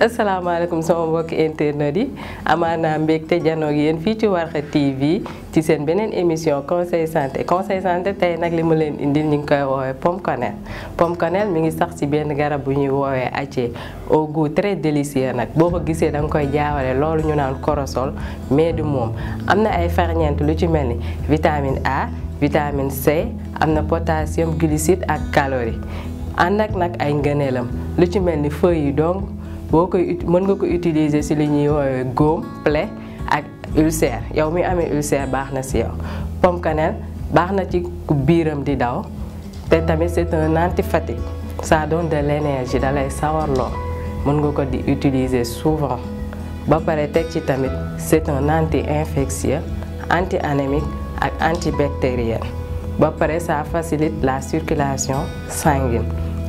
asalaamaaleykum sama mbokki internet yi amaana mbégte janoog yéen fii ci Warkha TV ci seen beneen émission conseil santé conseil santé tey nag li ma leen indil ñu nga koy woowee pomme cannelle mi ngi sax ci benn garab bu ñuy woowee acé au goût très délicieux nag boo ko gisee da nga koy jaawale loolu ñu naan korosol mais du moom am na ay ferñeent lu ci mel ni vitamine A vitamine C am na potassium glucide ak calorie ànd ak nag ay ngëneelam lu ci mel ni feuilles yi boo koy mën nga ko utiliser si li ñuy woowee góom plaie ak ulcère yow mi amee ulcère baax na si yow pomme cannelle ci di daw tamit c'est un antifatigue ça donne de l'énergie de lay sawarloo mën nga ko di utiliser souvent ba pare teg ci tamit c'est un anti-infectieux anti-anémique ak antibactérien ba ça facilite la circulation sanguine